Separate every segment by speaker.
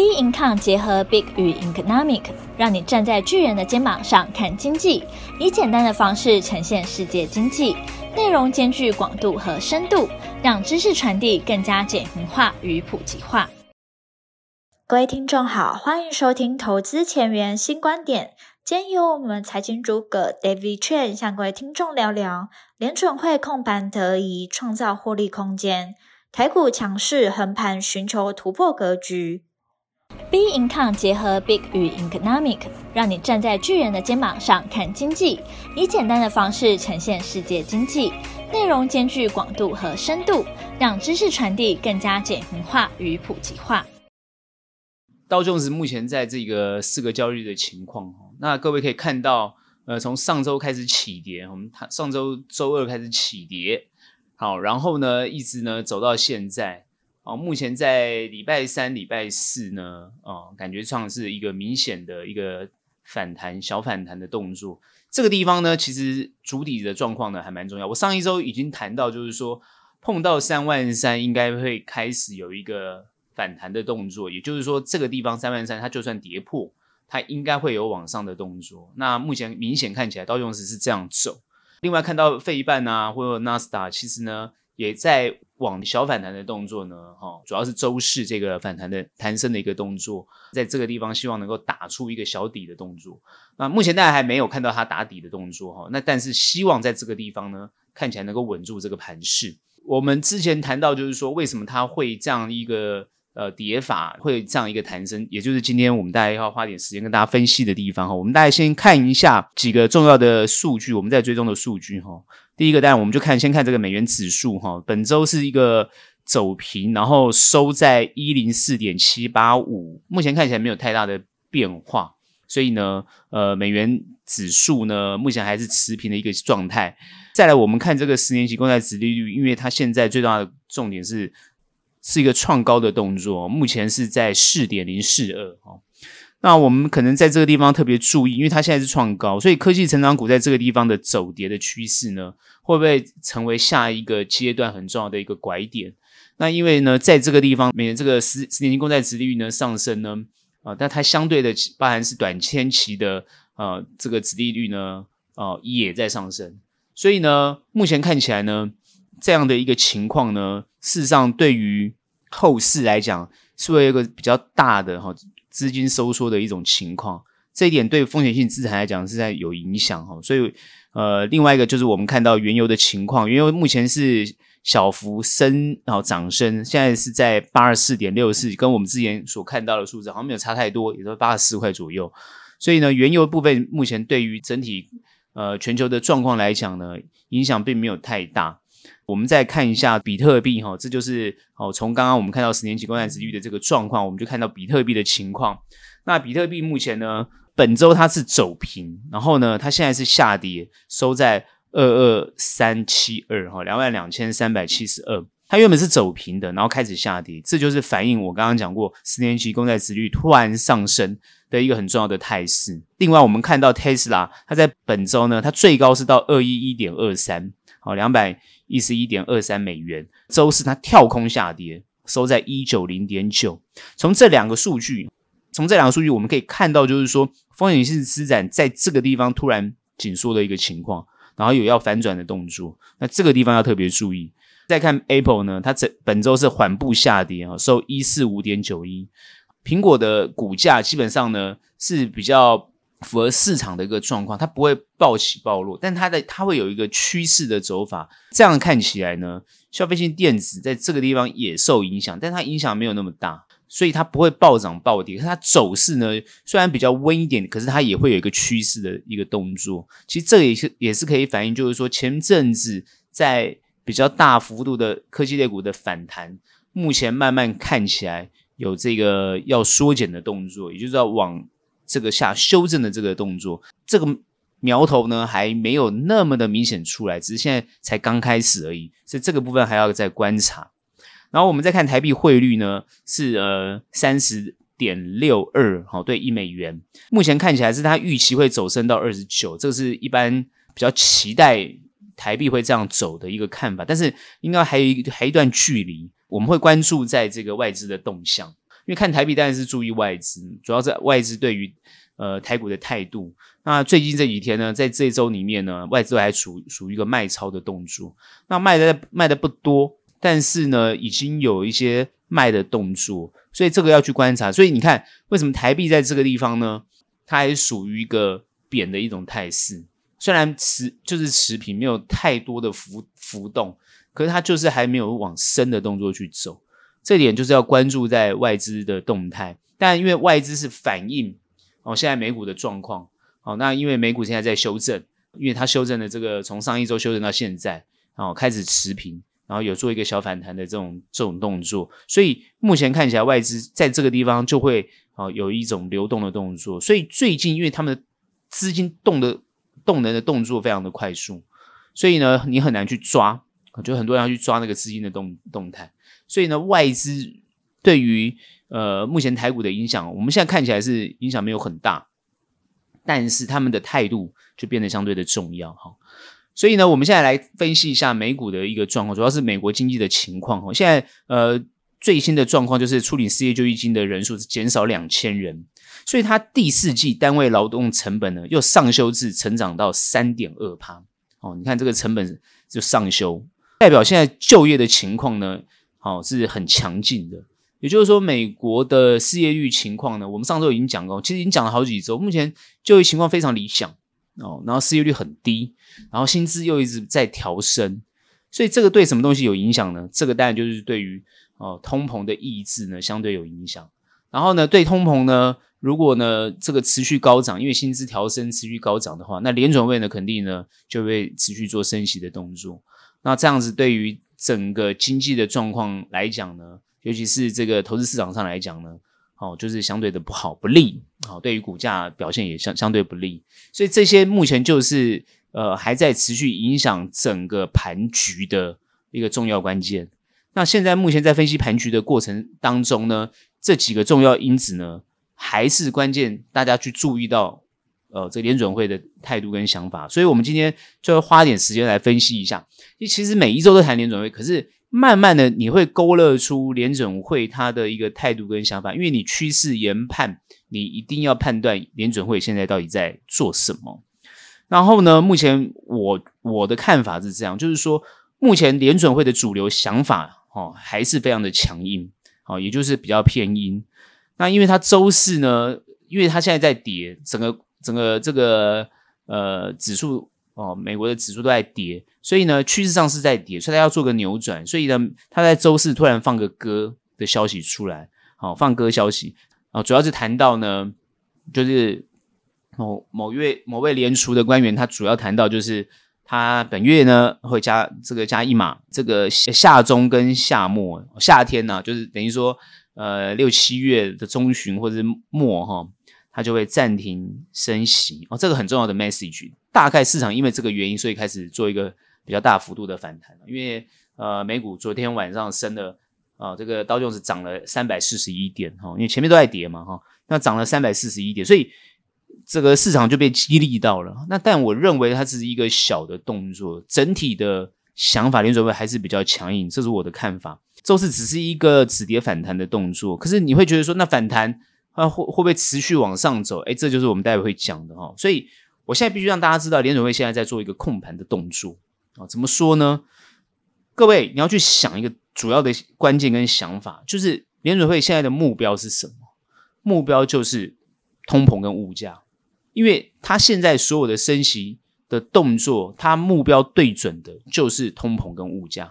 Speaker 1: Big Income 結合 Big 與 Economic 讓你站在巨人的肩膀上看經濟，以簡單的方式呈現世界經濟，內容兼具廣度和深度，讓知識傳遞更加簡化與普及化。各位聽眾好，歡迎收聽《投資前緣新觀點》，今天由我們財經主播 David Chen 向各位聽眾聊聊：聯準會控盤得宜創造獲利空間；台股強勢橫盤，尋求突破格局。B in K 結合 Big 與 Economic，讓你站在巨人的肩膀上看經濟，以簡單的方式呈現世界經濟，內容兼具廣度和深度，讓知識傳遞更加簡明化與普及化。
Speaker 2: 道瓊斯目前在這個四個交易日的情況，那各位可以看到，呃，從上周開始起跌，我們它上周周二開始起跌，好，然後呢，一直呢走到現在。哦，目前在禮拜三、禮拜四呢，哦，感覺上是一個明顯的一個反彈、小反彈的動作。這個地方呢，其實主體的狀況呢還蠻重要。我上一周已經談到，就是說碰到三萬三，應該會開始有一個反彈的動作。也就是說，這個地方三萬三，它就算跌破，它應該會有往上的動作。那目前明顯看起來，道瓊斯是這樣走。另外看到費半啊，或者納斯達其實呢也在，往小反彈的動作呢，哈，主要是周四這個反彈的彈升的一個動作，在這個地方希望能夠打出一個小底的動作。那目前大家還沒有看到它打底的動作，哈，那但是希望在這個地方呢，看起來能夠穩住這個盤勢。我們之前談到，就是說為什麼它會這樣一個呃跌法，會這樣一個彈升，也就是今天我們大家要花點時間跟大家分析的地方哈。我們大家先看一下幾個重要的數據，我們在追蹤的數據哈。第一個，當然我們就看，先看這個美元指數哈，本周是一個走平，然後收在一零四點七八五，目前看起來沒有太大的變化，所以呢，呃，美元指數呢目前還是持平的一個狀態。再來，我們看這個十年期公債殖利率，因為它現在最大的重點是是一個創高的動作，目前是在四點零四二那我們可能在這個地方特別注意，因為它現在是創高，所以科技成長股在這個地方的走跌的趨勢呢，會不會成為下一個階段很重要的一個拐點？那因為呢，在這個地方，每年這個十十年期公債殖利率呢上升呢，啊、呃，但它相對的包含是短期期的，呃，這個殖利率呢，呃，也在上升，所以呢，目前看起來呢，這樣的一個情況呢，事實上對於後市來講，是會有一個比較大的哈。資金收縮的一種情況，這一點對風險性資產來講是在有影響哈，所以呃，另外一個就是我們看到原油的情況，原油目前是小幅升，然後漲升，現在是在八十四點六四，跟我們之前所看到的數字好像沒有差太多，也就是八十四塊左右，所以呢，原油部分目前對於整體呃全球的狀況來講呢，影響並沒有太大。我們再看一下比特幣哈，這就是哦，從剛剛我們看到十年期公債殖率的這個狀況，我們就看到比特幣的情況。那比特幣目前呢，本周它是走平，然後呢，它現在是下跌，收在二二三七二哈，兩萬兩千三百七十二。它原本是走平的，然後開始下跌，這就是反映我剛剛講過十年期公債殖率突然上升的一個很重要的態勢。另外，我們看到特斯拉，它在本周呢，它最高是到二一一點二三。好，兩百一十一點二三美元。週四它跳空下跌，收在一九零點九。從這兩個數據，從這兩個數據我們可以看到，就是說風險性資產在這個地方突然緊縮的一個情況，然後有要反轉的動作。那這個地方要特別注意。再看 Apple 呢，它整本週是緩步下跌啊，收一四五點九一。蘋果的股價基本上呢，是比較。符合市場的一個狀況，它不會暴起暴落，但它的它會有一個趨勢的走法。這樣看起來呢，消費性電子在這個地方也受影響，但它影響沒有那麼大，所以它不會暴漲暴跌。它走勢呢，雖然比較溫一點，可是它也會有一個趨勢的一個動作。其實這也是也是可以反映，就是說前陣子在比較大幅度的科技類股的反彈，目前慢慢看起來有這個要縮減的動作，也就是要往。這個下修正的這個動作，這個苗頭呢還沒有那麼的明顯出來，只是現在才剛開始而已，所以這個部分還要再觀察。然後我們再看台幣匯率呢，是呃三十點六二，好、哦、兌一美元，目前看起來是它預期會走升到二十九，這個是一般比較期待台幣會這樣走的一個看法，但是應該還有一還有一段距離，我們會關注在這個外資的動向。因為看台幣當然是注意外資，主要是外資對於呃台股的態度。那最近這幾天呢，在這一周裡面呢，外資還屬屬於一個賣超的動作。那賣的賣的不多，但是呢，已經有一些賣的動作，所以這個要去觀察。所以你看，為什麼台幣在這個地方呢？它還屬於一個貶的一種態勢，雖然持就是持平，沒有太多的浮浮動，可是它就是還沒有往深的動作去走。這點就是要關注在外資的動態，但因為外資是反映哦現在美股的狀況，哦那因為美股現在在修正，因為它修正的這個從上一周修正到現在，哦開始持平，然後有做一個小反彈的這種這種動作，所以目前看起來外資在這個地方就會哦有一種流動的動作，所以最近因為他們的資金動的動能的動作非常的快速，所以呢你很難去抓，就很多人要去抓那個資金的動動態。所以呢，外資對於呃目前台股的影響，我們現在看起來是影響沒有很大，但是他們的態度就變得相對的重要哈。所以呢，我們現在來分析一下美股的一個狀況，主要是美國經濟的情況哈。現在呃最新的狀況就是初領失業救濟金的人數是減少兩千人，所以它第四季單位勞動成本呢又上修至成長到三點二趴哦。你看這個成本就上修，代表現在就業的情況呢，好、哦、是很強勁的，也就是說，美國的失業率情況呢，我們上周已經講過，其實已經講了好幾周。目前就業情況非常理想哦，然後失業率很低，然後薪資又一直在調升，所以這個對什麼東西有影響呢？這個當然就是對於哦通膨的抑制呢，相對有影響。然後呢，對通膨呢，如果呢這個持續高漲，因為薪資調升持續高漲的話，那聯準會呢肯定呢就會持續做升息的動作。那這樣子對於整個經濟的狀況來講呢，尤其是這個投資市場上來講呢，哦，就是相對的不好，不利，好、哦、對於股價表現也相相對不利，所以這些目前就是呃還在持續影響整個盤局的一個重要關鍵。那現在目前在分析盤局的過程當中呢，這幾個重要因子呢，還是關鍵，大家去注意到。呃，這個聯準會的態度跟想法，所以我們今天就要花點時間來分析一下。其實每一周都談聯準會，可是慢慢的你會勾勒出聯準會他的一個態度跟想法。因為你趨勢研判，你一定要判斷聯準會現在到底在做什麼。然後呢，目前我我的看法是這樣，就是說目前聯準會的主流想法哦還是非常的強硬，哦也就是比較偏硬。那因為它周四呢，因為它現在在跌，整個。整個這個呃指數哦，美國的指數都在跌，所以呢，趨勢上是在跌，所以它要做個扭轉，所以呢，它在周四突然放個鴿的消息出來，好、哦、放鴿消息啊、哦，主要是談到呢，就是某、哦、某月某位聯儲的官員，他主要談到就是他本月呢會加這個加一碼，這個夏中跟夏末夏天呢、啊，就是等於說呃六七月的中旬或者是末哈。哦它就會暫停升息哦，這個很重要的 message。大概市場因為這個原因，所以開始做一個比較大幅度的反彈。因為呃，美股昨天晚上升了啊、呃，這個道瓊斯漲了三百四十一點哈、哦，因為前面都在跌嘛哈、哦，那漲了三百四十一點，所以這個市場就被激勵到了。那但我認為它只是一個小的動作，整體的想法聯準會還是比較強硬，這是我的看法。周四只是一個止跌反彈的動作，可是你會覺得說那反彈。那、啊、會會不會持續往上走？哎，這就是我們待會會講的哈、哦。所以，我現在必須讓大家知道，聯準會現在在做一個控盤的動作啊。怎麼說呢？各位，你要去想一個主要的關鍵跟想法，就是聯準會現在的目標是什麼？目標就是通膨跟物價，因為他現在所有的升息的動作，他目標對準的就是通膨跟物價，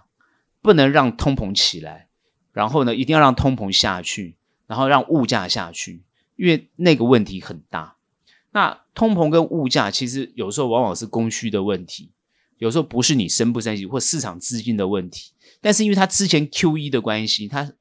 Speaker 2: 不能讓通膨起來，然後呢，一定要讓通膨下去。然後讓物價下去，因為那個問題很大。那通膨跟物價其實有時候往往是供需的問題，有時候不是你升不升息或是市場資金的問題。但是因為它之前 QE 的關係，它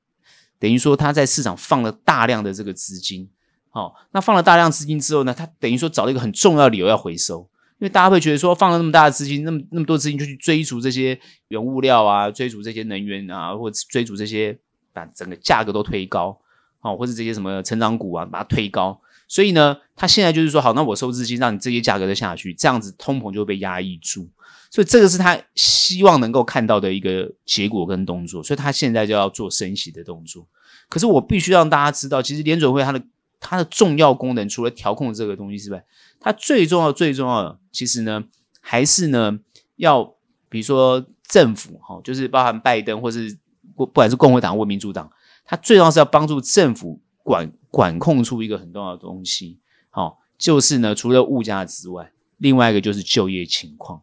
Speaker 2: 等於說它在市場放了大量的這個資金，好、哦，那放了大量資金之後呢，它等於說找了一個很重要理由要回收，因為大家會覺得說放了那麼大的資金，那麼那麼多資金就去追逐這些原物料啊，追逐這些能源啊，或者追逐這些把整個價格都推高。哦，或是這些什麼成長股啊，把它推高。所以呢，他現在就是說，好，那我收資金，讓你這些價格都下去，這樣子通膨就會被壓抑住。所以這個是他希望能夠看到的一個結果跟動作。所以他現在就要做升息的動作。可是我必須讓大家知道，其實聯準會它的它的重要功能，除了調控這個東西之外，它最重要最重要的其實呢，還是呢要比如說政府哈，就是包含拜登或是不不管是共和黨或民主黨。它最重要是要幫助政府管管控出一個很重要的東西，好、哦，就是呢，除了物價之外，另外一個就是就業情況。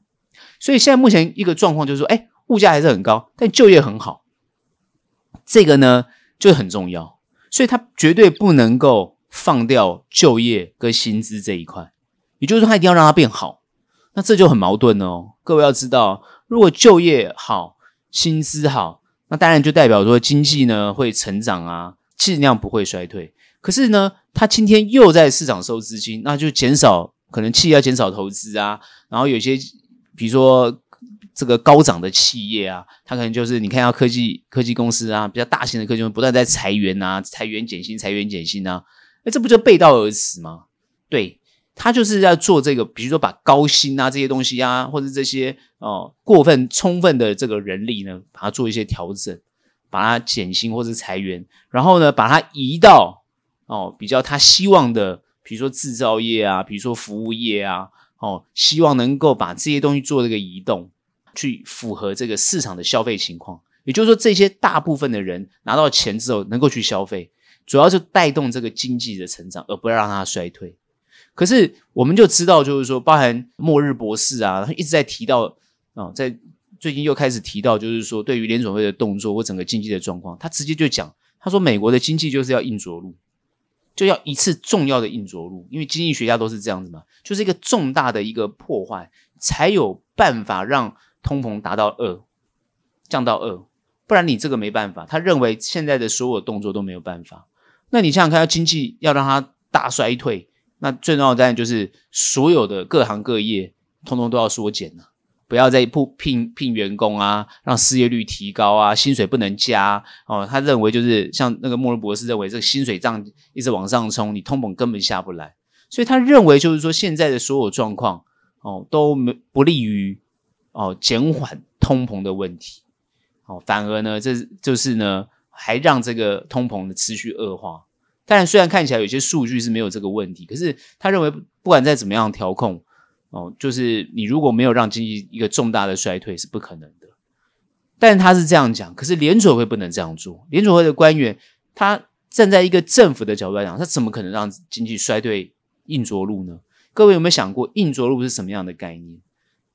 Speaker 2: 所以現在目前一個狀況就是說，哎，物價還是很高，但就業很好，這個呢就很重要，所以它絕對不能夠放掉就業跟薪資這一塊，也就是說，它一定要讓它變好。那這就很矛盾哦，各位要知道，如果就業好，薪資好。當然就代表說經濟呢會成長啊，盡量不會衰退。可是呢，他今天又在市場收資金，那就減少可能企業要減少投資啊。然後有些比如說這個高漲的企業啊，他可能就是你看要科技科技公司啊，比較大型的科技公司不斷在裁員啊，裁員減薪，裁員減薪，裁員減薪啊。哎，這不就背道而馳嗎？對。他就是在做這個，比如說把高薪啊這些東西啊，或者是這些哦、呃、過分充分的這個人力呢，把它做一些調整，把它減薪或者裁員，然後呢把它移到哦、呃、比較他希望的，比如說製造業啊，比如說服務業啊，哦、呃、希望能夠把這些東西做這個移動，去符合這個市場的消費情況。也就是說，這些大部分的人拿到錢之後能夠去消費，主要是帶動這個經濟的成長，而不要讓它衰退。可是我們就知道，就是說，包含末日博士啊，他一直在提到啊、哦，在最近又開始提到，就是說，對於聯準會的動作或整個經濟的狀況，他直接就講，他說：“美國的經濟就是要硬着陸，就要一次重要的硬着陸，因為經濟學家都是這樣子嘛，就是一個重大的一個破壞，才有辦法讓通膨達到二，降到二，不然你這個沒辦法。他認為現在的所有動作都沒有辦法。那你想想看，要經濟要讓它大衰退。”那最重要的當然就是所有的各行各業通通都要縮減了，不要再不聘聘員工啊，讓失業率提高啊，薪水不能加哦。他認為就是像那個莫倫博士認為，這個薪水這樣一直往上衝，你通膨根本下不來，所以他認為就是說現在的所有狀況哦，都沒不利於哦減緩通膨的問題哦，反而呢，這就是呢，還讓這個通膨的持續惡化。當然，雖然看起來有些數據是沒有這個問題，可是他認為，不管再怎麼樣調控，哦，就是你如果沒有讓經濟一個重大的衰退是不可能的。但是他是這樣講，可是聯準會不能這樣做。聯準會的官員，他站在一個政府的角度來講，他怎麼可能讓經濟衰退硬着陸呢？各位有沒有想過硬着陸是什麼樣的概念？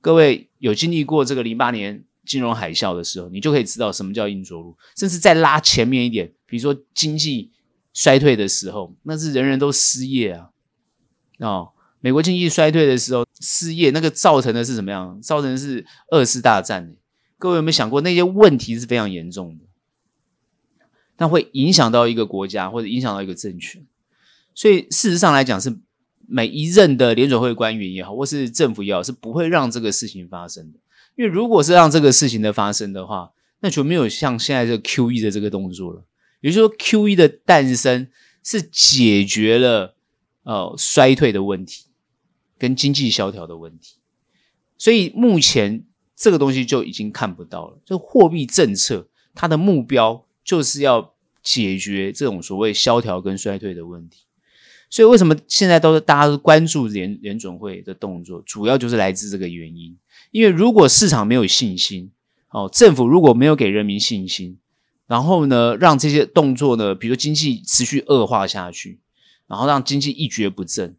Speaker 2: 各位有經歷過這個零八年金融海嘯的時候，你就可以知道什麼叫硬着陸。甚至再拉前面一點，比如說經濟。衰退的時候，那是人人都失業啊！哦，美國經濟衰退的時候，失業那個造成的是怎麼樣？造成的是二次大戰。各位有沒有想過，那些問題是非常嚴重的，但會影響到一個國家或者影響到一個政權。所以事實上來講，是每一任的聯準會官員也好，或是政府也好，是不會讓這個事情發生的。因為如果是讓這個事情的發生的話，那就沒有像現在這個 QE 的這個動作了。也就是說，QE 的誕生是解決了呃衰退的問題跟經濟蕭條的問題，所以目前這個東西就已經看不到了。就貨幣政策它的目標就是要解決這種所謂蕭條跟衰退的問題，所以為什麼現在都是大家關注聯聯準會的動作，主要就是來自這個原因。因為如果市場沒有信心，哦、呃，政府如果沒有給人民信心。然後呢，讓這些動作呢，比如說經濟持續惡化下去，然後讓經濟一蹶不振，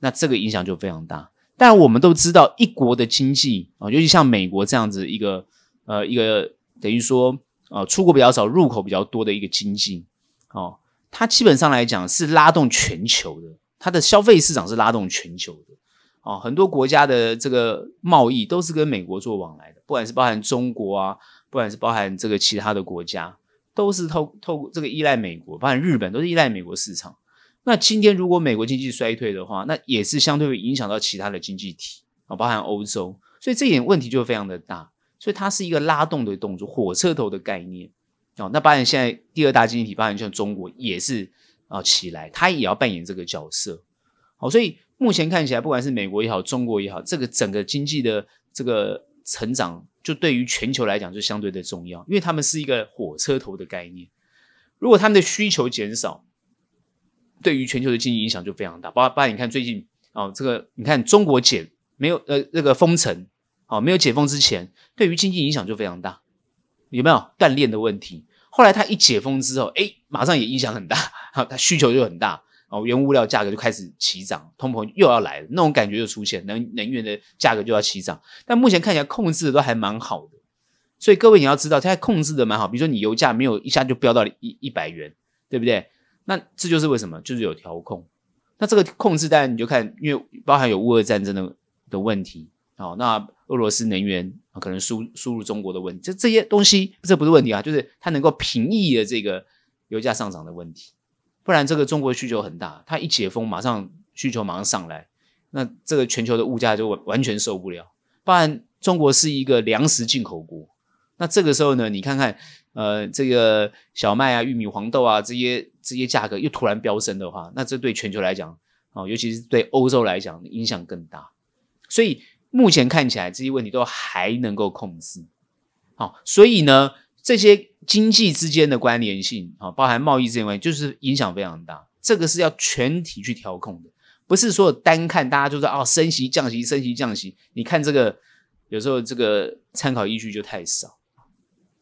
Speaker 2: 那這個影響就非常大。但我們都知道，一國的經濟啊，尤其像美國這樣子一個呃一個等於說、呃、出口比較少、入口比較多的一個經濟哦，它基本上來講是拉動全球的，它的消費市場是拉動全球的哦。很多國家的這個貿易都是跟美國做往來的，不管是包含中國啊，不管是包含這個其他的國家。都是透透過這個依賴美國，包含日本都是依賴美國市場。那今天如果美國經濟衰退的話，那也是相對會影響到其他的經濟體啊，包含歐洲。所以這點問題就非常的大，所以它是一個拉動的動作，火車頭的概念。哦，那包含現在第二大經濟體，包含像中國也是啊起來，它也要扮演這個角色。好，所以目前看起來，不管是美國也好，中國也好，這個整個經濟的這個成長。就對於全球來講，就相對的重要，因為他們是一個火車頭的概念。如果他們的需求減少，對於全球的經濟影響就非常大。包括你看最近，哦，這個你看中國解，沒有，呃，這個封城，哦，沒有解封之前，對於經濟影響就非常大，有沒有？鍛鍊的問題。後來他一解封之後，誒，馬上也影響很大，好，他需求就很大。哦，原物料價格就開始起漲，通膨又要來了，那種感覺又出現，能能源的價格就要起漲，但目前看起來控制的都還蠻好的，所以各位你要知道，它控制的蠻好，比如說你油價沒有一下就飆到了一一百元，對不對？那這就是為什麼，就是有調控。那這個控制，當然你就看，因為包含有烏俄戰爭的的問題，哦，那俄羅斯能源，哦，可能輸輸入中國的問題，這這些東西這不是問題啊，就是它能夠平抑的這個油價上漲的問題。不然，這個中國需求很大，它一解封，馬上需求馬上上來，那這個全球的物價就完完全受不了。當然，中國是一個糧食進口國，那這個時候呢，你看看，呃，這個小麥啊、玉米、黃豆啊這些這些價格又突然飆升的話，那這對全球來講，哦，尤其是對歐洲來講影響更大。所以目前看起來，這些問題都還能夠控制。好、哦，所以呢，這些。經濟之間的關聯性，包含貿易之間關係，就是影響非常大。這個是要全體去調控的，不是說單看大家就知道哦，升息降息、升息降息。你看這個有時候這個參考依據就太少，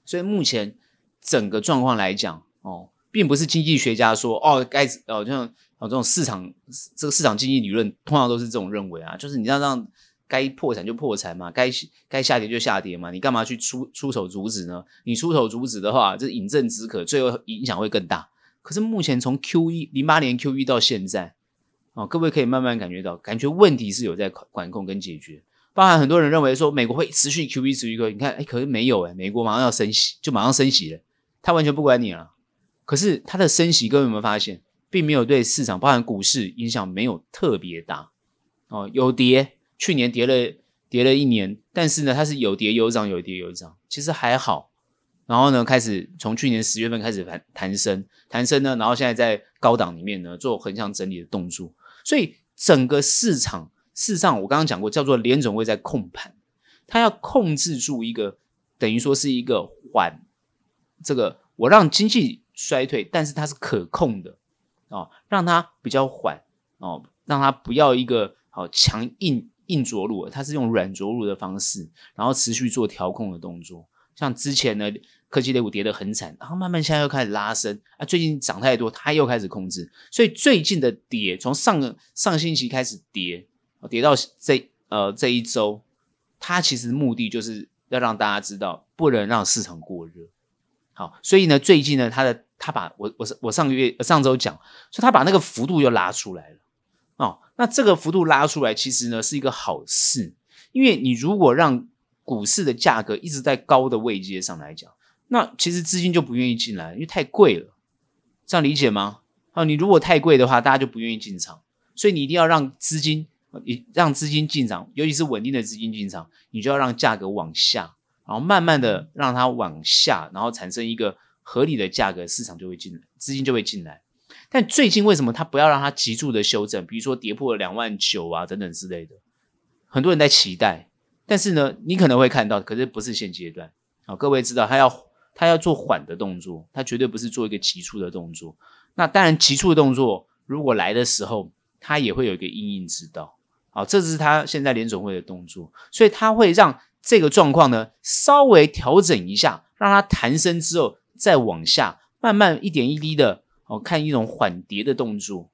Speaker 2: 所以目前整個狀況來講，哦，並不是經濟學家說哦該哦像哦這種市場這個市場經濟理論通常都是這種認為啊，就是你要讓。該破產就破產嘛，該該下跌就下跌嘛，你幹嘛去出出手阻止呢？你出手阻止的話，這引飲鴆止渴，最後影響會更大。可是目前從 QE 08年 QE 到現在，哦，各位可以慢慢感覺到，感覺問題是有在管控跟解決。包含很多人認為說美國會持續 QE 持續 QE，你看，哎，可是沒有誒、欸，美國馬上要升息，就馬上升息了，他完全不管你了。可是他的升息各位有沒有發現，並沒有對市場，包含股市影響沒有特別大哦，有跌。去年跌了跌了一年，但是呢，它是有跌有漲，有跌有漲，其實還好。然後呢，開始從去年十月份開始彈彈升，彈升呢，然後現在在高檔裡面呢做橫向整理的動作。所以整個市場，事實上我剛剛講過，叫做聯準會在控盤，它要控制住一個等於說是一個緩，這個我讓經濟衰退，但是它是可控的哦，讓它比較緩哦，讓它不要一個好、哦、強硬，硬着陸，它是用軟着陸的方式，然後持續做調控的動作。像之前呢，科技類股跌得很慘，然後慢慢現在又開始拉升啊。最近漲太多，它又開始控制。所以最近的跌，從上上星期開始跌，跌到這呃這一周，它其實目的就是要讓大家知道，不能讓市場過熱。好，所以呢，最近呢，它的它把我我我上個月上周講，所以它把那個幅度又拉出來了。哦，那這個幅度拉出來，其實呢是一個好事，因為你如果讓股市的價格一直在高的位階上來講，那其實資金就不願意進來，因為太貴了。這樣理解嗎？啊、哦，你如果太貴的話，大家就不願意進場，所以你一定要讓資金，讓資金進場，尤其是穩定的資金進場，你就要讓價格往下，然後慢慢的讓它往下，然後產生一個合理的價格，市場就會進來，資金就會進來。但最近為什麼他不要讓他急促的修正？比如說跌破了兩萬九啊等等之類的，很多人在期待。但是呢，你可能會看到，可是不是現階段，好，各位知道，他要他要做緩的動作，他絕對不是做一個急促的動作。那當然，急促的動作如果來的時候，他也會有一個因應之道。好，這是他現在聯準會的動作，所以他會讓這個狀況呢稍微調整一下，讓它彈升之後再往下，慢慢一點一滴的。我看一種緩跌的動作，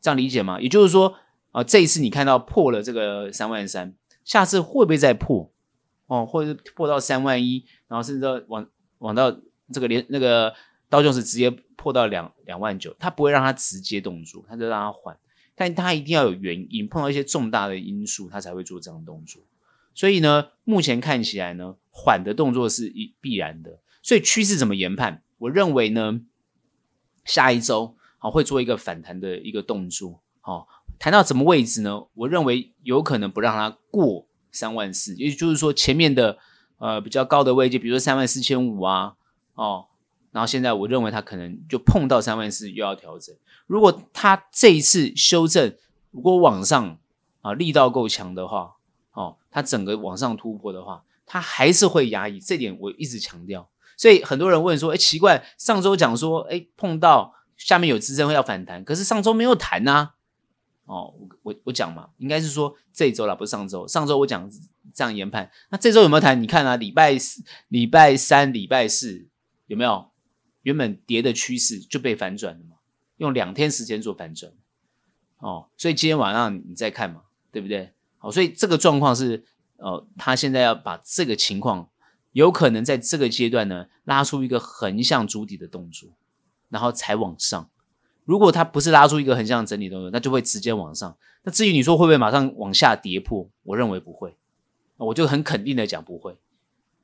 Speaker 2: 這樣理解嗎？也就是說，啊、呃，這一次你看到破了這個三萬三，下次會不會再破？哦，或者是破到三萬一，然後甚至到往往到這個連那個刀就是直接破到兩兩萬九，它不會讓它直接動作，它就讓它緩，但它一定要有原因，碰到一些重大的因素，它才會做這樣的動作。所以呢，目前看起來呢，緩的動作是一必然的。所以趨勢怎麼研判？我認為呢。下一週，好，會做一個反彈的一個動作，哦，彈到什麼位置呢？我認為有可能不讓它過三萬四，也就是說前面的呃比較高的位置，比如說三萬四千五啊，哦，然後現在我認為它可能就碰到三萬四又要調整。如果它這一次修正，如果往上啊力道夠強的話，哦，它整個往上突破的話，它還是會壓抑，這點我一直強調。所以很多人問說，誒奇怪，上周講說，誒碰到下面有支撐要反彈，可是上周沒有彈吶、啊。哦，我我講嘛，應該是說這周啦，不是上周。上周我講這樣研判，那這周有沒有彈？你看啊，禮拜四、禮拜三、禮拜四有沒有？原本跌的趨勢就被反轉了嘛？用兩天時間做反轉。哦，所以今天晚上你，你再看嘛，對不對？好，哦，所以這個狀況是，呃，他現在要把這個情況。有可能在這個階段呢，拉出一個橫向築底的動作，然後才往上。如果它不是拉出一個橫向整理動作，那就會直接往上。那至於你說會不會馬上往下跌破，我認為不會，我就很肯定的講不會。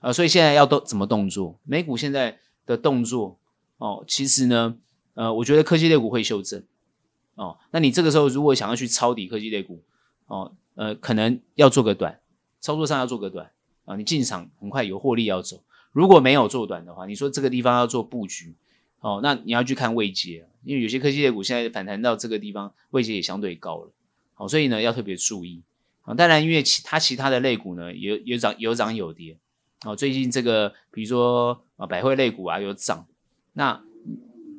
Speaker 2: 呃，所以現在要動，怎麼動作？美股現在的動作哦，其實呢，呃，我覺得科技類股會修正哦。那你這個時候如果想要去抄底科技類股哦，呃，可能要做個短，操作上要做個短。啊，你進場很快有獲利要走，如果沒有做短的話，你說這個地方要做布局，哦，那你要去看位階，因為有些科技類股現在反彈到這個地方，位階也相對高了，哦。所以呢要特別注意啊。當然，因為其他其他的類股呢，有有漲有漲有跌，哦，最近這個比如說啊，百匯類股啊有漲，那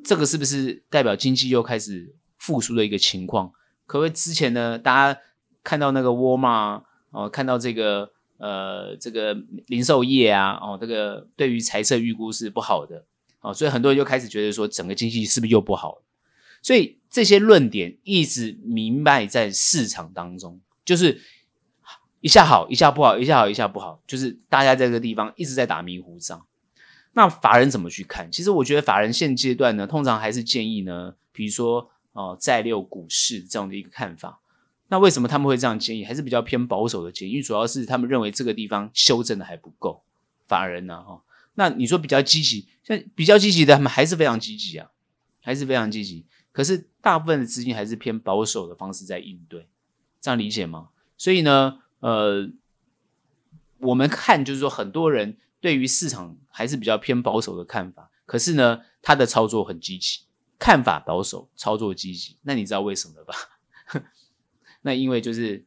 Speaker 2: 這個是不是代表經濟又開始復甦的一個情況？可謂之前呢，大家看到那個沃爾瑪，哦，看到這個。呃，這個零售業啊，哦，這個對於財測預估是不好的，哦，所以很多人就開始覺得說，整個經濟是不是又不好？所以這些論點一直彌漫在市場當中，就是一下好，一下不好，一下好，一下不好，就是大家在這個地方一直在打迷糊仗。那法人怎麼去看？其實我覺得法人現階段呢，通常還是建議呢，比如說哦，債、呃、六股市這樣的一個看法。那為什麼他們會這樣建議？還是比較偏保守的建議，因為主要是他們認為這個地方修正的還不夠。法人呢，哈，那你說比較積極，像比較積極的，他們還是非常積極啊，還是非常積極。可是大部分的資金還是偏保守的方式在應對，這樣理解嗎？所以呢，呃，我們看就是說，很多人對於市場還是比較偏保守的看法，可是呢，他的操作很積極，看法保守，操作積極。那你知道為什麼吧？那因為就是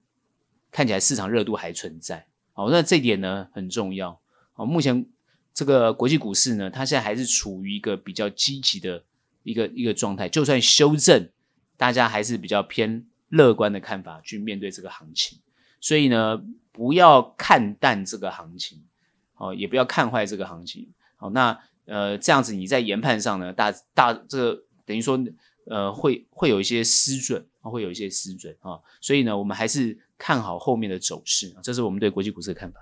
Speaker 2: 看起來市場熱度還存在，好，那這一點呢很重要。好，目前這個國際股市呢，它現在還是處於一個比較積極的一個一個狀態。就算修正，大家還是比較偏樂觀的看法去面對這個行情。所以呢，不要看淡這個行情，好，也不要看壞這個行情。好，那呃這樣子你在研判上呢，大大這個，等於說呃會會有一些失準。會有一些失準啊，所以呢，我們還是看好後面的走勢，這是我們對國際股市的看法。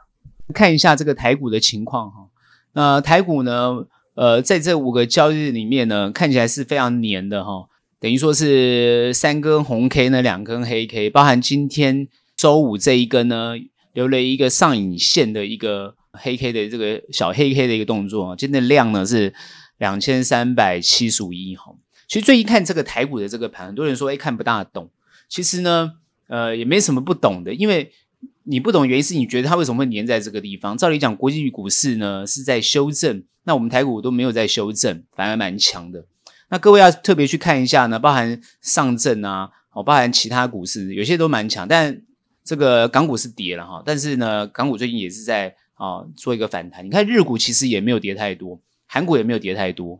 Speaker 2: 看一下這個台股的情況哈，那台股呢，呃，在這五個交易日裡面呢，看起來是非常黏的哈，等於說是三根紅 K 呢，兩根黑 K，包含今天週五這一根呢，留了一個上影線的一個黑 K 的這個小黑 K 的一個動作啊，今天的量呢是兩千三百七十五億哈。其實最近看這個台股的這個盤，很多人說哎、欸、看不大懂。其實呢，呃，也沒什麼不懂的，因為你不懂原因是你覺得它為什麼會黏在這個地方。照理講，國際股市呢是在修正，那我們台股都沒有在修正，反而蠻強的。那各位要特別去看一下呢，包含上證啊，哦，包含其他股市，有些都蠻強，但這個港股是跌了哈，但是呢，港股最近也是在啊、哦、做一個反彈。你看日股其實也沒有跌太多，韓股也沒有跌太多。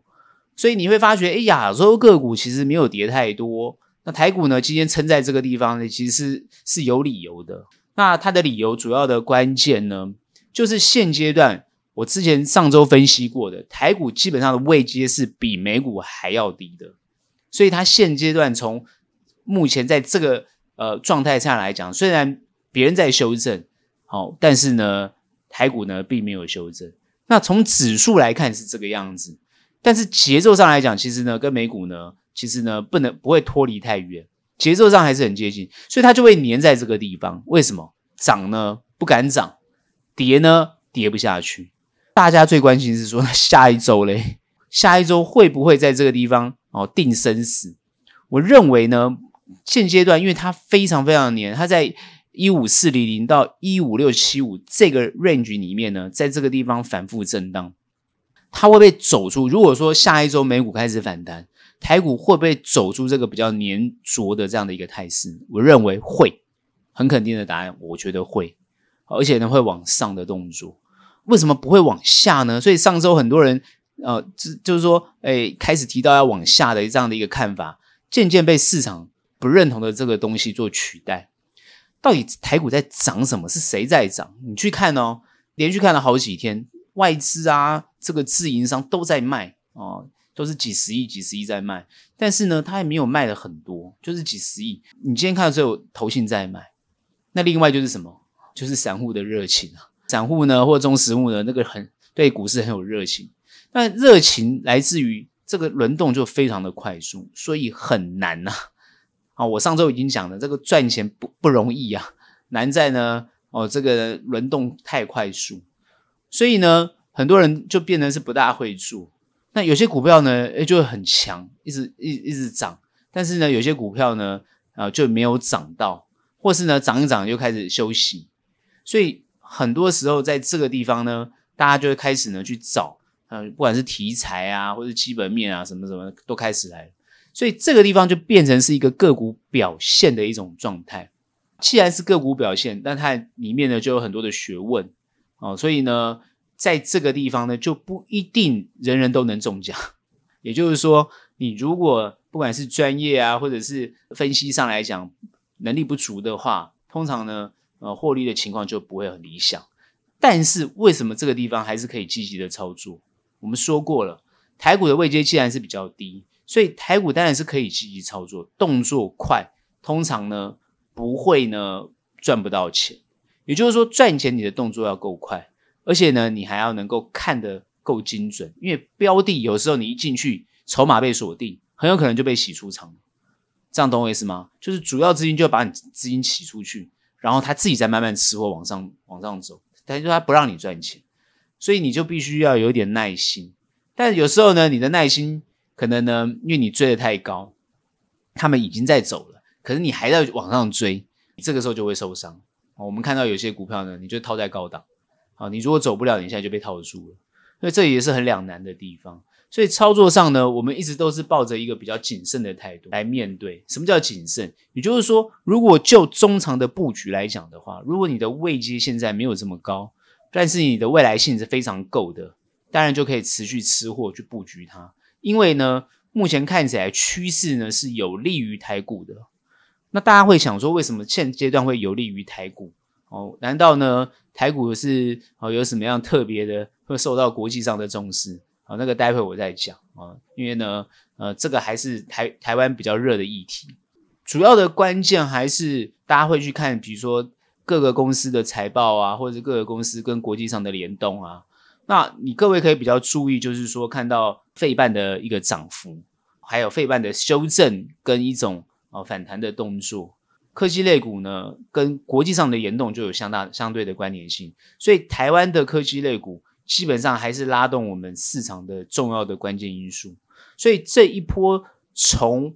Speaker 2: 所以你會發覺，誒，亞洲個股其實沒有跌太多。那台股呢，今天撐在這個地方呢，其實是是有理由的。那它的理由主要的關鍵呢，就是現階段，我之前上周分析過的，台股基本上的位階是比美股還要低的。所以它現階段從目前在這個，呃，狀態下來講，雖然別人在修正好、哦，但是呢，台股呢並沒有修正。那從指數來看是這個樣子。但是節奏上來講，其實呢，跟美股呢，其實呢，不能不會脫離太遠，節奏上還是很接近，所以它就會黏在這個地方。為什麼漲呢？不敢漲，跌呢？跌不下去。大家最關心是說，下一周嘞，下一周會不會在這個地方哦定生死？我認為呢，現階段因為它非常非常黏，它在一五四零零到一五六七五這個 range 裡面呢，在這個地方反復震盪。它會不會走出。如果說下一周美股開始反彈，台股會不會走出這個比較粘着的這樣的一個態勢？我認為會，很肯定的答案。我覺得會，而且呢會往上的動作。為什麼不會往下呢？所以上周很多人呃，就是說，哎、欸，開始提到要往下的這樣的一個看法，漸漸被市場不認同的這個東西做取代。到底台股在漲什麼？是誰在漲？你去看哦，連續看了好幾天。外資啊，這個自營商都在賣哦，都是幾十億、幾十億在賣。但是呢，它也沒有賣了很多，就是幾十億。你今天看只有投信在賣，那另外就是什麼？就是散戶的熱情啊！散戶呢，或中實戶呢，那個很對股市很有熱情。那熱情來自於這個輪動就非常的快速，所以很難吶、啊。啊，我上周已經講了，這個賺錢不不容易啊，難在呢，哦，這個輪動太快速。所以呢，很多人就變得是不大會做。那有些股票呢，欸、就會很強，一直一一直漲。但是呢，有些股票呢，啊、呃，就沒有漲到，或是呢，漲一漲就開始休息。所以很多時候在這個地方呢，大家就會開始呢去找，嗯、呃，不管是題材啊，或是基本面啊，什麼什麼都開始來。所以這個地方就變成是一個個股表現的一種狀態。既然是個股表現，但它裡面呢就有很多的學問。哦，所以呢，在這個地方呢，就不一定人人都能中獎。也就是說，你如果不管是專業啊，或者是分析上來講，能力不足的話，通常呢，呃，獲利的情況就不會很理想。但是為什麼這個地方還是可以積極的操作？我們說過了，台股的位階既然是比較低，所以台股當然是可以積極操作，動作快，通常呢，不會呢，賺不到錢。也就是說，賺錢你的動作要夠快，而且呢，你還要能夠看得夠精準，因為標的有時候你一進去，籌碼被鎖定，很有可能就被洗出場，這樣懂我意思嗎？就是主要資金就把你資金洗出去，然後他自己再慢慢吃貨往上往上走，但是他不讓你賺錢，所以你就必須要有點耐心。但有時候呢，你的耐心可能呢，因為你追得太高，他們已經在走了，可是你還在往上追，這個時候就會受傷。哦，我們看到有些股票呢，你就套在高檔，好，你如果走不了，你現在就被套住了，所以這也是很兩難的地方。所以操作上呢，我們一直都是抱着一個比較謹慎的態度來面對。什麼叫謹慎？也就是說，如果就中長的布局來講的話，如果你的位階現在沒有這麼高，但是你的未來性是非常夠的，當然就可以持續吃貨去布局它。因為呢，目前看起來趨勢呢是有利於台股的。那大家會想說，為什麼現階段會有利於台股？哦，難道呢台股是哦有什麼樣特別的，會受到國際上的重視？啊、哦，那個待會我再講啊、哦，因為呢，呃，這個還是台台灣比較熱的議題，主要的關鍵還是大家會去看，比如說各個公司的財報啊，或者各個公司跟國際上的聯動啊。那你各位可以比較注意，就是說看到費半的一個漲幅，還有費半的修正跟一種。哦，反彈的動作，科技類股呢，跟國際上的連動，就有相當相對的關聯性，所以台灣的科技類股基本上還是拉動我們市場的重要的關鍵因素。所以這一波從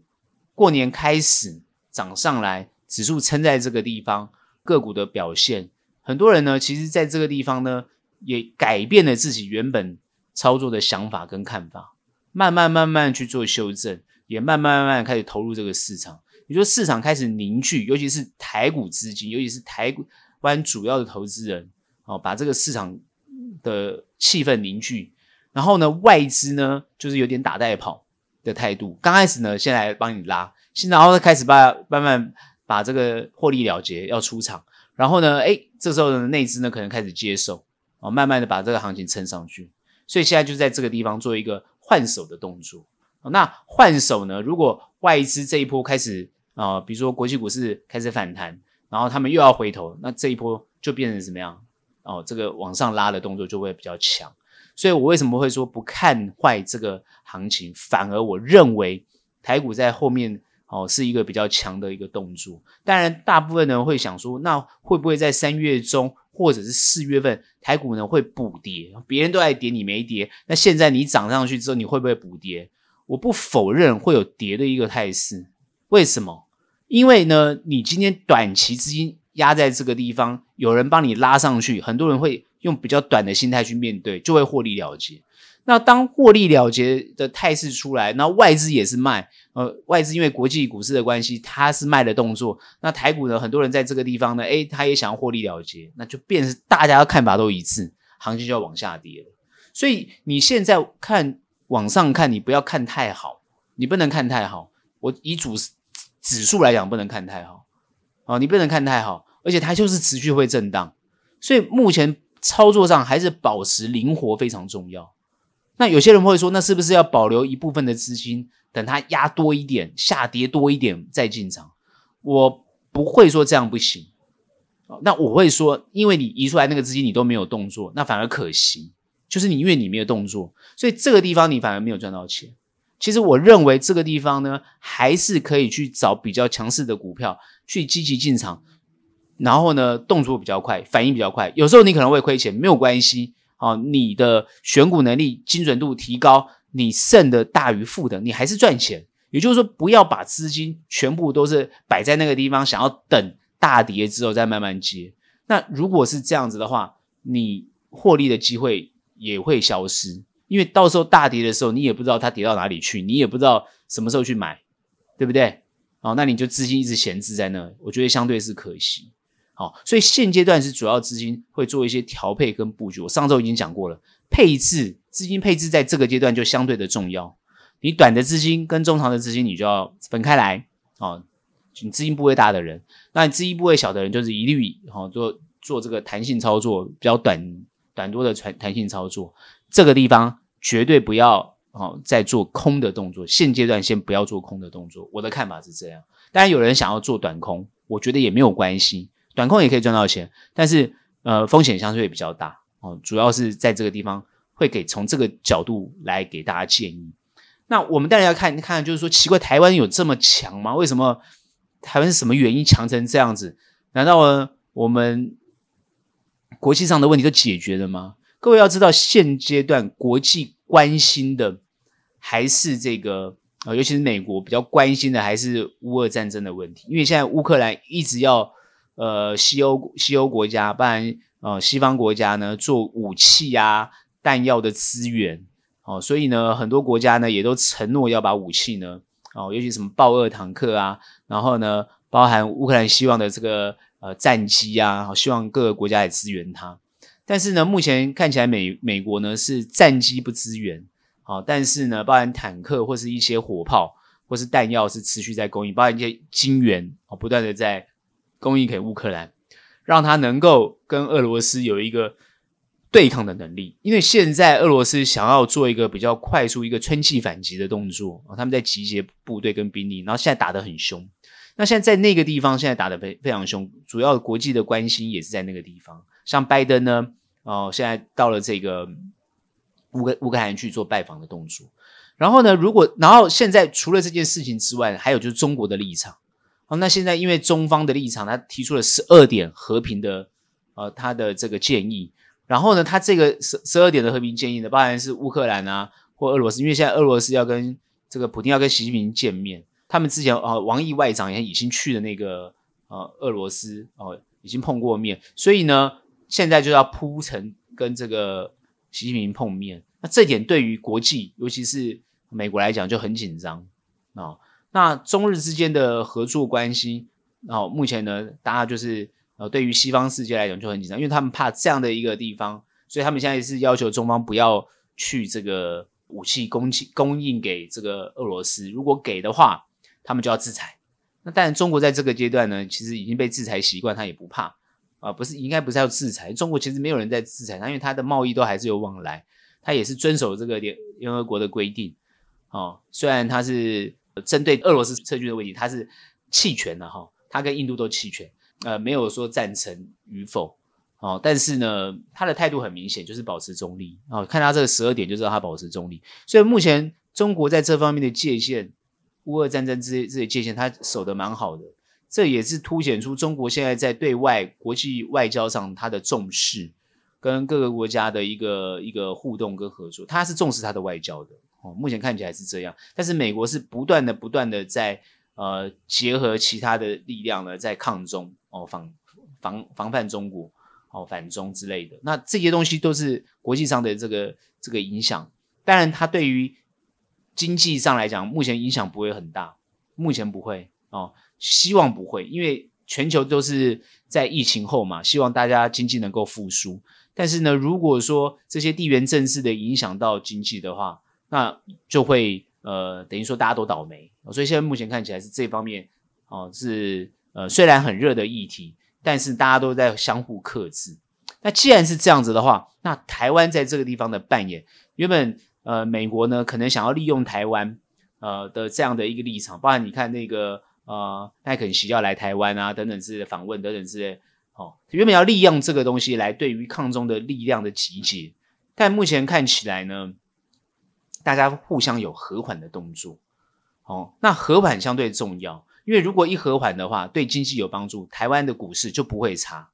Speaker 2: 過年開始漲上來，指數撐在這個地方，個股的表現，很多人呢，其實在這個地方呢，也改變了自己原本操作的想法跟看法，慢慢慢慢去做修正，也慢慢慢慢開始投入這個市場。也就是市場開始凝聚，尤其是台股資金，尤其是台灣主要的投資人，哦，把這個市場的氣氛凝聚。然後呢，外資呢就是有點打帶跑的態度。剛開始呢，先來幫你拉，現在然後呢，開始把慢慢把這個獲利了結，要出場。然後呢，誒，這時候呢，內資呢可能開始接受，哦，慢慢的把這個行情撐上去。所以現在就在這個地方做一個換手的動作。哦、那換手呢，如果外資這一波開始。啊，比如說國際股市開始反彈，然後他們又要回頭，那這一波就變成怎麼樣？哦，這個往上拉的動作就會比較強。所以我為什麼會說不看壞這個行情，反而我認為台股在後面哦是一個比較強的一個動作。當然，大部分人會想說，那會不會在三月中或者是四月份台股呢會補跌？別人都在跌，你沒跌，那現在你漲上去之後，你會不會補跌？我不否認會有跌的一個態勢，為什麼？因為呢，你今天短期資金壓在這個地方，有人幫你拉上去，很多人會用比較短的心態去面對，就會獲利了結。那當獲利了結的態勢出來，那外資也是賣，呃，外資因為國際股市的關係，它是賣的動作。那台股呢，很多人在這個地方呢，哎，他也想要獲利了結，那就變成大家的看法都一致，行情就要往下跌了。所以你現在看，往上看，你不要看太好，你不能看太好。我以主指數來講不能看太好啊，你不能看太好，而且它就是持續會震盪，所以目前操作上還是保持靈活非常重要。那有些人會說，那是不是要保留一部分的資金，等它壓多一點，下跌多一點再進場？我不會說這樣不行，那我會說，因為你移出來那個資金你都沒有動作，那反而可行。就是因為你願意沒有動作，所以這個地方你反而沒有賺到錢。其實我認為這個地方呢，還是可以去找比較強勢的股票去積極進場，然後呢，動作比較快，反應比較快。有時候你可能會虧錢，沒有關係啊。你的選股能力精準度提高，你勝的大於負的，你還是賺錢。也就是說，不要把資金全部都是擺在那個地方，想要等大跌之後再慢慢接。那如果是這樣子的話，你獲利的機會也會消失。因為到時候大跌的時候，你也不知道它跌到哪裡去，你也不知道什麼時候去買，對不對？哦，那你就資金一直閒置在那，我覺得相對是可惜。好、哦，所以現階段是主要資金會做一些調配跟布局。我上周已經講過了，配置資金配置在這個階段就相對的重要。你短的資金跟中長的資金，你就要分開來。哦，你資金部位大的人，那你資金部位小的人就、哦，就是一律好做做這個彈性操作，比較短短多的彈彈性操作。這個地方絕對不要哦，再做空的動作。現階段先不要做空的動作。我的看法是這樣。當然有人想要做短空，我覺得也沒有關係，短空也可以賺到錢。但是呃，風險相對也比較大哦。主要是在這個地方會給，從這個角度來給大家建議。那我們當然要看看，就是說，奇怪，台灣有這麼強嗎？為什麼台灣是什麼原因強成這樣子？難道呢我們國際上的問題都解決了嗎？各位要知道，現階段國際關心的還是這個、呃、尤其是美國比較關心的還是烏俄戰爭的問題，因為現在烏克蘭一直要呃西歐西歐國家，不然呃西方國家呢做武器啊彈藥的資源哦、呃，所以呢很多國家呢也都承諾要把武器呢哦、呃，尤其什麼豹二坦克啊，然後呢包含烏克蘭希望的這個呃戰機啊，希望各個國家來支援它。但是呢，目前看起來美美國呢是戰機不支援，好、啊，但是呢，包含坦克或是一些火炮或是彈藥是持續在供應，包含一些金援、啊、不斷的在供應給烏克蘭，讓他能夠跟俄羅斯有一個對抗的能力。因為現在俄羅斯想要做一個比較快速一個春季反擊的動作，啊、他們在集結部隊跟兵力，然後現在打得很凶。那現在在那個地方現在打得非非常凶，主要國際的關心也是在那個地方。像拜登呢，哦、呃，現在到了這個烏克烏克蘭去做拜訪的動作。然後呢，如果然後現在除了這件事情之外，還有就是中國的立場。啊、那現在因為中方的立場，他提出了十二點和平的呃他的這個建議。然後呢，他這個十十二點的和平建議呢，包含是烏克蘭啊或俄羅斯，因為現在俄羅斯要跟這個普京要跟習近平見面，他們之前、呃、王毅外長也已經去了那個呃俄羅斯哦、呃、已經碰過面，所以呢。現在就要鋪陳跟這個習近平碰面，那這點對於國際，尤其是美國來講就很緊張啊。那中日之間的合作關係，然後目前呢，大家就是呃，對於西方世界來講就很緊張，因為他們怕這樣的一個地方，所以他們現在是要求中方不要去這個武器供氣供應給這個俄羅斯，如果給的話，他們就要制裁。那但中國在這個階段呢，其實已經被制裁習慣，他也不怕。啊，不是，應該不是要制裁中國，其實沒有人在制裁他，因為他的貿易都還是有往來，他也是遵守這個聯聯合國的規定，哦，雖然他是針對俄羅斯撤軍的問題，他是棄權的、啊、哈，他、哦、跟印度都棄權，呃，沒有說贊成與否，哦，但是呢，他的態度很明顯就是保持中立，哦，看他這個十二點就知道他保持中立，所以目前中國在這方面的界限，烏俄戰爭之間這些界限，他守得蠻好的。這也是凸顯出中國現在在對外國際外交上它的重視，跟各個國家的一個一個互動跟合作，它是重視它的外交的哦。目前看起來是這樣，但是美國是不斷的不斷的在呃結合其他的力量呢，在抗中哦防防防範中國哦反中之類的。那這些東西都是國際上的這個這個影響，當然它對於經濟上來講，目前影響不會很大，目前不會哦。希望不會，因為全球都是在疫情後嘛，希望大家經濟能夠復蘇。但是呢，如果說這些地緣政治的影響到經濟的話，那就會呃，等於說大家都倒霉。所以現在目前看起來是這方面哦、呃，是呃雖然很熱的議題，但是大家都在相互克制。那既然是這樣子的話，那台灣在這個地方的扮演，原本呃美國呢可能想要利用台灣呃的這樣的一個立場，包含你看那個。啊、呃，麥卡錫要來台灣啊，等等之類的訪問，等等之類。哦，原本要利用這個東西來對於抗中的力量的集結，但目前看起來呢，大家互相有和緩的動作。哦，那和緩相對重要，因為如果一和緩的話，對經濟有幫助，台灣的股市就不會差。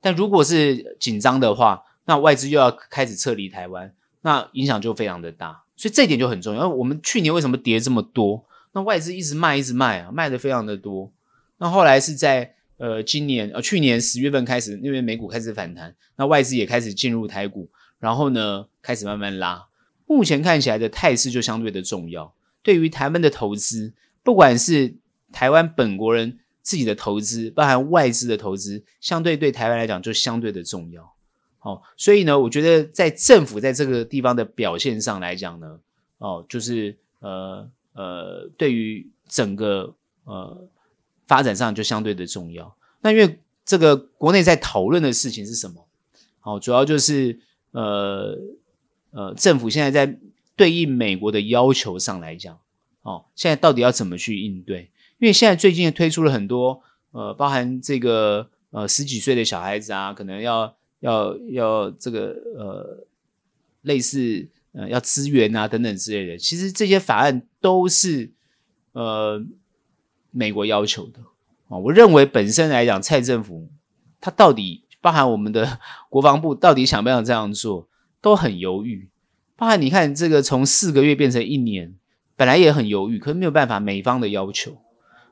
Speaker 2: 但如果是緊張的話，那外資又要開始撤離台灣，那影響就非常的大。所以這一點就很重要。我們去年為什麼跌這麼多？那外資一直賣，一直賣啊，賣的非常的多。那後來是在呃今年呃去年十月份開始，因為美股開始反彈，那外資也開始進入台股，然後呢開始慢慢拉。目前看起來的態勢就相對的重要，對於台灣的投資，不管是台灣本國人自己的投資，包含外資的投資，相對對台灣來講就相對的重要。哦，所以呢，我覺得在政府在這個地方的表現上來講呢，哦，就是呃。呃，對於整個呃發展上就相對的重要。那因為這個國內在討論的事情是什麼？好、哦，主要就是呃呃，政府現在在對應美國的要求上來講，哦，現在到底要怎麼去應對？因為現在最近也推出了很多呃，包含這個呃十幾歲的小孩子啊，可能要要要這個呃類似。呃，要資源啊，等等之類的，其實這些法案都是呃美國要求的啊。哦，我認為本身來講，蔡政府他到底包含我們的國防部到底想不想這樣做，都很猶豫。包含你看這個從四個月變成一年，本來也很猶豫，可是沒有辦法，美方的要求。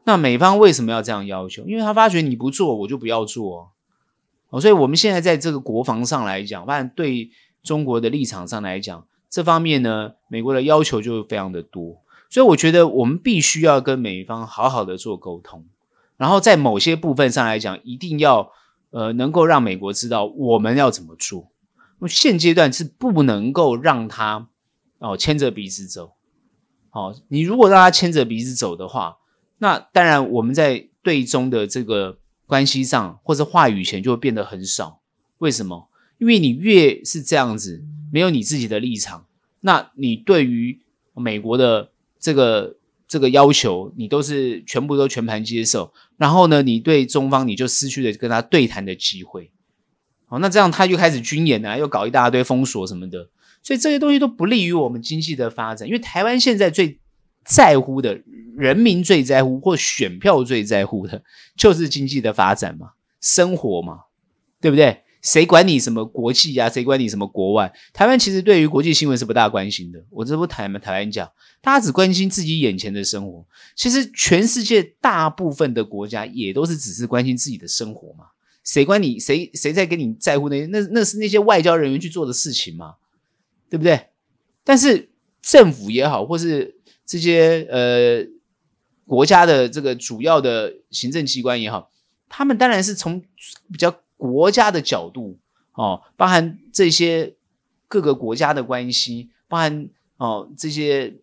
Speaker 2: 那美方為什麼要這樣要求？因為他發覺你不做，我就不要做哦。哦，所以我們現在在這個國防上來講，反正對中國的立場上來講。這方面呢，美國的要求就會非常的多，所以我覺得我們必須要跟美方好好的做溝通，然後在某些部分上來講，一定要呃能夠讓美國知道我們要怎麼做。現階段是不能夠讓他哦牽着鼻子走。好、哦，你如果讓他牽着鼻子走的話，那當然我們在對中的這個關係上，或是話語權就會變得很少。為什麼？因為你越是這樣子，沒有你自己的立場，那你對於美國的這個這個要求，你都是全部都全盤接受，然後呢，你對中方你就失去了跟他對談的機會。好，那這樣他就開始軍演啊，又搞一大堆封鎖什麼的，所以這些東西都不利於我們經濟的發展。因為台灣現在最在乎的，人民最在乎或選票最在乎的就是經濟的發展嘛，生活嘛，對不對？誰管你什麼國際呀、啊？誰管你什麼國外？台灣其實對於國際新聞是不大關心的。我這不台灣台灣講，大家只關心自己眼前的生活。其實全世界大部分的國家也都是只是關心自己的生活嘛。誰管你誰誰在跟你在乎那些？那那是那些外交人員去做的事情嘛，對不對？但是政府也好，或是這些呃國家的這個主要的行政機關也好，他們當然是從比較。國家的角度哦，包含這些各個國家的關係，包含哦這些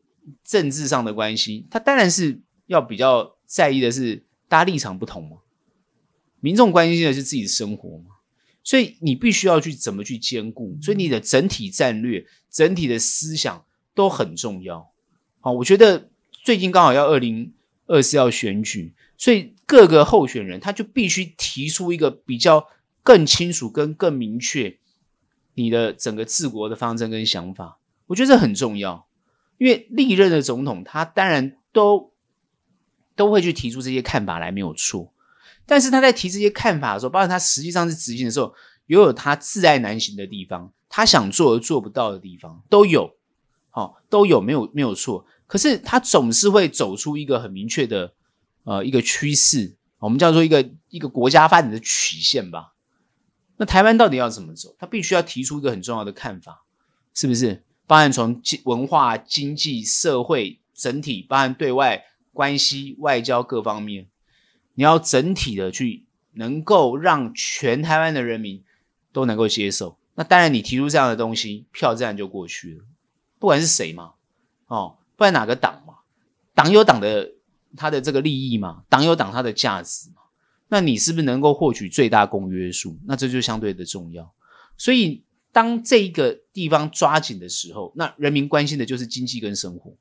Speaker 2: 政治上的關係，它當然是要比較在意的是大家立場不同嘛，民眾關心的是自己的生活嘛，所以你必須要去怎麼去兼顧，所以你的整體戰略、整體的思想都很重要。好、哦，我覺得最近剛好要二零二四要選舉，所以各個候選人他就必須提出一個比較。更清楚跟更明確你的整個治國的方針跟想法，我覺得這很重要。因為歷任的總統，他當然都都會去提出這些看法來，沒有錯。但是他在提這些看法的時候，包括他實際上是執行的時候，也有他窒礙難行的地方，他想做而做不到的地方都有，好，都有，沒有沒有錯。可是他總是會走出一個很明確的呃一個趨勢，我們叫做一個一個國家發展的曲線吧。那台灣到底要怎麼走？他必須要提出一個很重要的看法，是不是？包含從文化、經濟、社會、整體，包含對外關係、外交各方面，你要整體的去能夠讓全台灣的人民都能夠接受。那當然，你提出這樣的東西，票站就過去了，不管是誰嘛，哦，不管哪個黨嘛，黨有黨的他的這個利益嘛，黨有黨它的價值嘛那你是不是能夠獲取最大公約數？那這就相對的重要。所以當這一個地方抓緊的時候，那人民關心的就是經濟跟生活，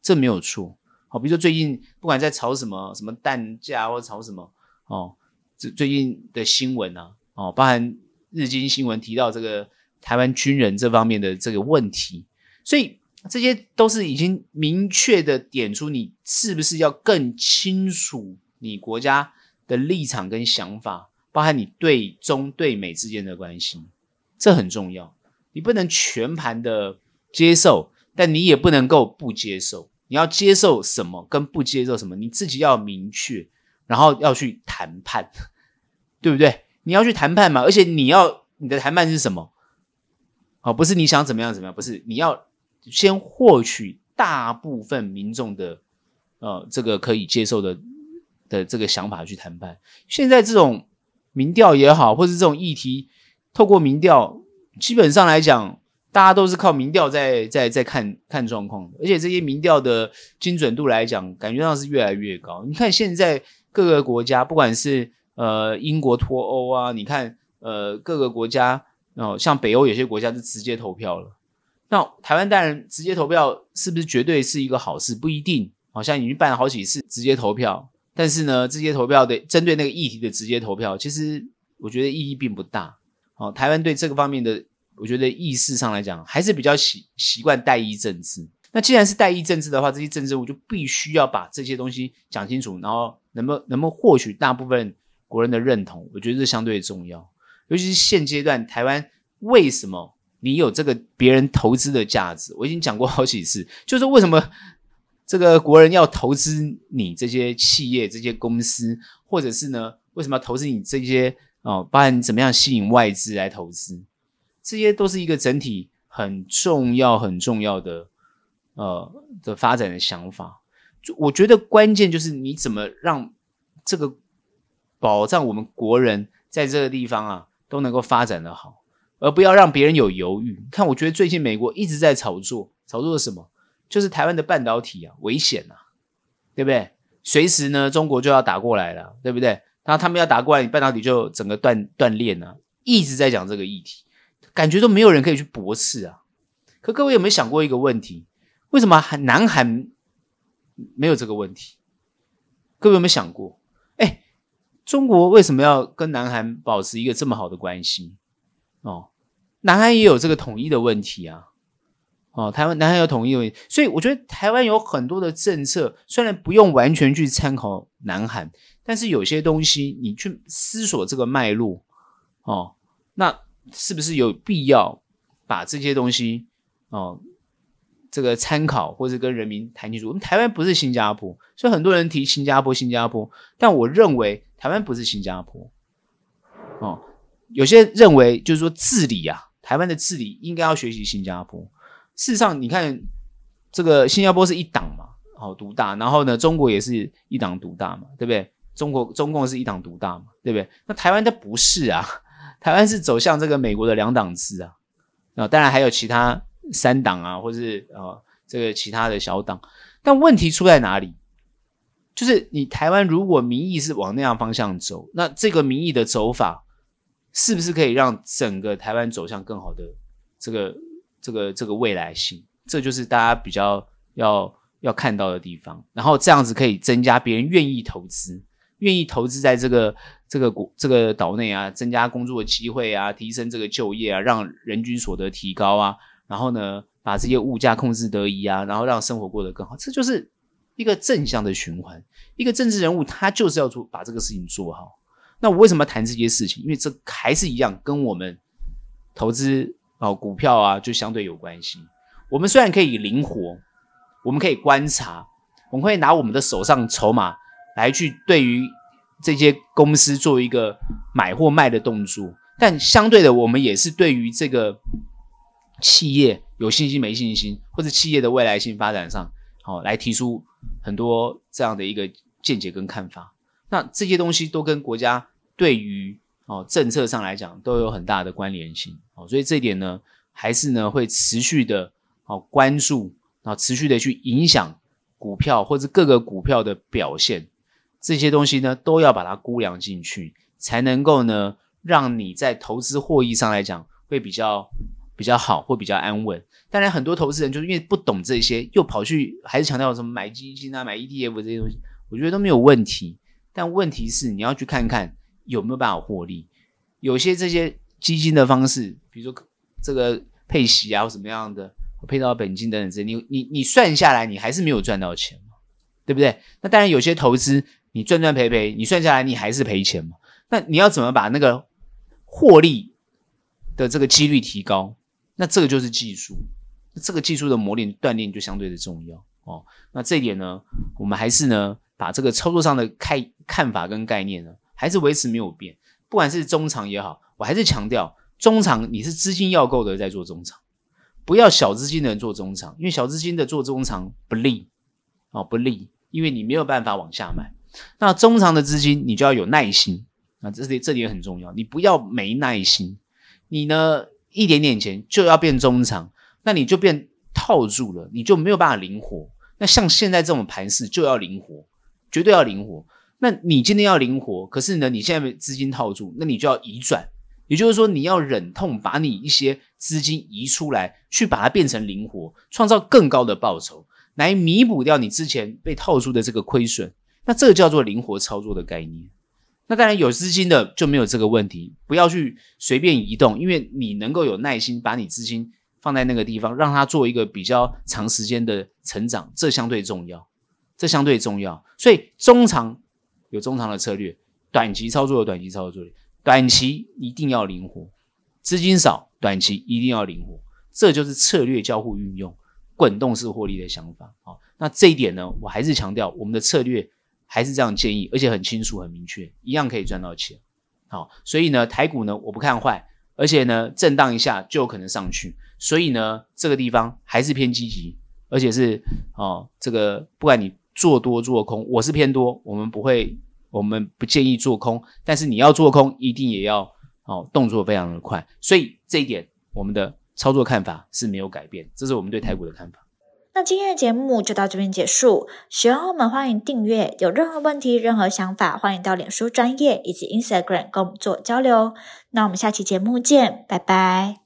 Speaker 2: 這沒有錯。好，比如說最近不管在炒什麼，什麼蛋價或者炒什麼哦，這最近的新聞啊，哦，包含日經新聞提到這個台灣軍人這方面的這個問題，所以這些都是已經明確的點出你是不是要更清楚你國家。的立場跟想法，包含你對中對美之間的關係，這很重要。你不能全盤的接受，但你也不能夠不接受。你要接受什麼跟不接受什麼，你自己要明確，然後要去談判，對不對？你要去談判嘛，而且你要你的談判是什麼？哦，不是你想怎麼樣怎麼樣，不是，你要先獲取大部分民眾的，呃，這個可以接受的。的這個想法去談判，現在這種民調也好，或是這種議題，透過民調，基本上來講，大家都是靠民調在在在看看狀況的，而且這些民調的精準度來講，感覺上是越來越高。你看現在各個國家，不管是呃英國脫歐啊，你看呃各個國家哦、呃，像北歐有些國家就直接投票了。那台灣當然直接投票是不是絕對是一個好事？不一定，好像已經辦了好幾次直接投票。但是呢，這些投票的針對那個議題的直接投票，其實我覺得意義並不大。好、哦，台灣對這個方面的，我覺得意識上來講還是比較習習慣代議政治。那既然是代議政治的話，這些政治我就必須要把這些東西講清楚，然後能不能不能獲取大部分國人的認同，我覺得這相對重要。尤其是現階段台灣，為什麼你有這個別人投資的價值？我已經講過好幾次，就是為什麼。這個國人要投資你這些企業、這些公司，或者是呢，為什麼要投資你這些？哦、呃，不然怎麼樣吸引外資來投資？這些都是一個整體很重要、很重要的呃的發展的想法。就我覺得關鍵就是你怎麼讓這個保障我們國人在這個地方啊都能夠發展得好，而不要讓別人有猶豫。看，我覺得最近美國一直在炒作，炒作什麼？就是台灣的半導體啊，危險啊，對不對？隨時呢，中國就要打過來了，對不對？然後他們要打過來，你半導體就整個斷斷鏈了。一直在講這個議題，感覺都沒有人可以去駁斥啊。可各位有沒有想過一個問題？為什麼南韓沒有這個問題？各位有沒有想過？哎，中國為什麼要跟南韓保持一個這麼好的關係？哦，南韓也有這個統一的問題啊。哦，台灣、南韓要統一，所以我覺得台灣有很多的政策，雖然不用完全去參考南韓，但是有些東西你去思索這個脈絡，哦，那是不是有必要把這些東西，哦，這個參考或者跟人民談清楚？我們台灣不是新加坡，所以很多人提新加坡、新加坡，但我認為台灣不是新加坡。哦，有些認為就是說治理啊，台灣的治理應該要學習新加坡。事實上，你看，這個新加坡是一黨嘛，好、哦、獨大，然後呢，中國也是一黨獨大嘛，對不對？中國中共是一黨獨大嘛，對不對？那台灣它不是啊，台灣是走向這個美國的兩黨制啊，那、哦、當然還有其他三黨啊，或是呃、哦、這個其他的小黨。但問題出在哪裡？就是你台灣如果民意是往那樣方向走，那這個民意的走法是不是可以讓整個台灣走向更好的這個？這個這個未來性，這就是大家比較要要看到的地方。然後這樣子可以增加別人願意投資，願意投資在這個這個國這個島內啊，增加工作的機會啊，提升這個就業啊，讓人均所得提高啊，然後呢，把這些物價控制得宜啊，然後讓生活過得更好，這就是一個正向的循環。一個政治人物他就是要做把這個事情做好。那我為什麼要談這些事情？因為這還是一樣，跟我們投資。哦，股票啊，就相對有關係。我們雖然可以靈活，我們可以觀察，我們可以拿我們的手上籌碼來去對於這些公司做一個買或賣的動作，但相對的，我們也是對於這個企業有信心沒信心，或者企業的未來性發展上，好、哦、來提出很多這樣的一個見解跟看法。那這些東西都跟國家對於。哦，政策上來講都有很大的關聯性，哦，所以這一點呢，還是呢會持續的哦關注啊，持續的去影響股票或者各個股票的表現，這些東西呢都要把它估量進去，才能夠呢讓你在投資獲益上來講會比較比較好，會比較安穩。當然，很多投資人就是因為不懂這些，又跑去還是強調什麼買基金啊、買 ETF 這些東西，我覺得都沒有問題，但問題是你要去看看。有沒有辦法獲利？有些這些基金的方式，比如說這個配息啊，或什麼樣的配到本金等等之類，這你你你算下來，你還是沒有賺到錢嘛，對不對？那當然有些投資你賺賺賠賠，你算下來你還是賠錢嘛。那你要怎麼把那個獲利的這個幾率提高？那這個就是技術，那這個技術的磨練鍛煉就相對的重要哦。那這一點呢，我們還是呢，把這個操作上的看看法跟概念呢。還是維持沒有變，不管是中長也好，我還是強調中長，你是資金要夠的在做中長，不要小資金的人做中長，因為小資金的做中長不利啊、哦、不利，因為你沒有辦法往下買。那中長的資金你就要有耐心啊，這這裡也很重要，你不要沒耐心，你呢一點點錢就要變中長，那你就變套住了，你就沒有辦法靈活。那像現在這種盤勢就要靈活，絕對要靈活。那你今天要靈活，可是呢，你現在被資金套住，那你就要移轉，也就是說，你要忍痛把你一些資金移出來，去把它變成靈活，創造更高的報酬，來彌補掉你之前被套住的這個虧損。那這個叫做靈活操作的概念。那當然有資金的就沒有這個問題，不要去隨便移動，因為你能夠有耐心，把你資金放在那個地方，讓它做一個比較長時間的成長，這相對重要，這相對重要。所以中長。有中長的策略，短期操作有短期操作，短期一定要靈活，資金少，短期一定要靈活，這就是策略交互運用、滾動式獲利的想法。好，那這一點呢，我還是強調我們的策略還是這樣建議，而且很清楚、很明確，一樣可以賺到錢。好，所以呢，台股呢，我不看壞，而且呢震盪一下就有可能上去，所以呢這個地方還是偏積極，而且是哦這個不管你做多做空，我是偏多，我們不會，我們不建議做空，但是你要做空，一定也要哦，動作非常的快，所以這一點我們的操作看法是沒有改變，這是我們對台股的看法。
Speaker 1: 那今天的節目就到這邊結束，喜歡我們歡迎訂閱，有任何問題、任何想法，歡迎到臉書專頁以及 Instagram 跟我們做交流。那我們下期節目見，拜拜。